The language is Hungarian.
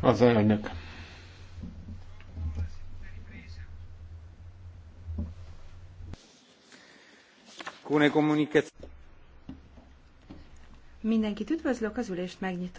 Az elnök. Mindenkit üdvözlök, az ülést megnyitom.